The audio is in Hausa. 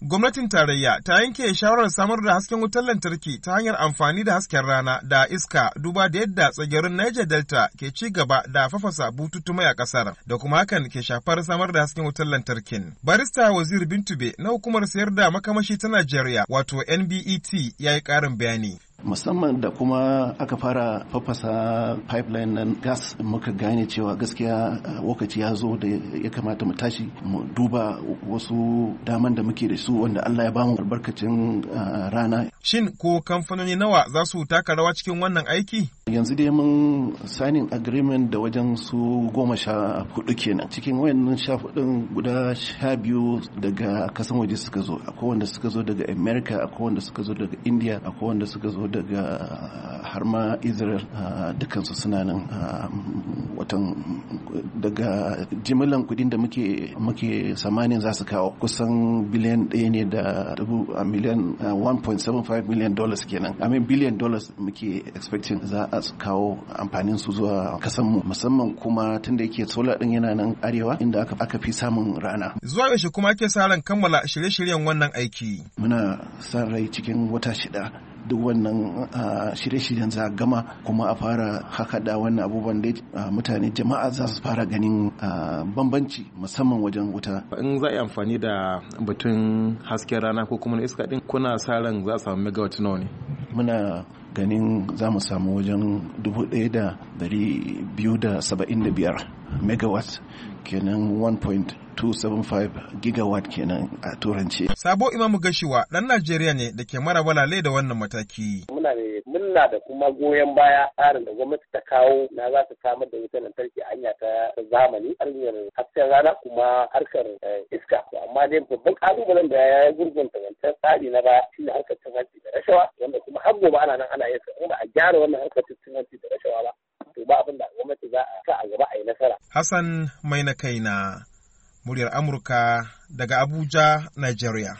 Gwamnatin tarayya ta yanke shawarar samar da hasken wutar lantarki ta hanyar amfani da hasken rana da iska duba da yadda tsagerin Niger Delta ke ci gaba da fafasa bututu mai a kasar da kuma hakan ke shafar samar da hasken wutar lantarkin. Barista Wazir Bintube na hukumar sayar da makamashi ta Najeriya wato NBET ya yi ƙarin bayani. musamman da kuma aka fara fafasa pipeline na gas muka gane cewa gaskiya eh, lokaci ya zo da ya kamata mu tashi mu duba wasu daman da muke da su wanda Allah ya bamu albarkacin eh, rana shin ko kamfanoni nawa za su taka rawa cikin wannan aiki yanzu dai mun signing agreement da wajen su goma sha hudu kenan cikin wayannan sha hudun guda sha biyu daga kasan waje suka zo akwai wanda suka zo daga america akwai wanda suka zo daga india akwai wanda suka zo daga ah, har ma israel ah, dukansu suna nan ah, watan daga jimilan kudin da muke muke samanin za su kawo kusan biliyan ɗaya ne da miliyan 1.75 miliyan dollars kenan amin biliyan dollars muke expecting za a a kawo amfanin su zuwa kasan mu musamman kuma tunda yake solar din yana nan arewa inda aka aka fi samun rana zuwa yaushe kuma ake sa ran kammala shirye-shiryen wannan aiki muna san rai cikin wata shida duk wannan shirye-shiryen za gama kuma a fara hakada wannan abubuwan da mutane jama'a za su fara ganin bambanci musamman wajen wuta. In za a yi amfani da batun hasken rana ko kuma na iska din kuna sa ran za a samu megawatt nawa ne? muna ganin za mu samu wajen 1,275 megawatt kenan 1.275 gigawatt kenan a turanci. Sabo Imamu Gashiwa dan Najeriya ne da ke mara walale da wannan mataki. Muna ne murna da kuma goyon baya tsarin da gwamnati ta kawo na za ta samar da wutar lantarki hanya ta zamani hanyar hasken rana kuma harkar eh, iska. Amma dai babban kalubalen da ya gurgunta wancan tsari na ba shi ne harkar tafi gobe ana nan ana yin sa ba a gyara wannan harkar cikin hanci da rashawa ba to ba abin da gwamnati za a sa a gaba a yi nasara Hassan mai na kaina muryar Amurka daga Abuja Nigeria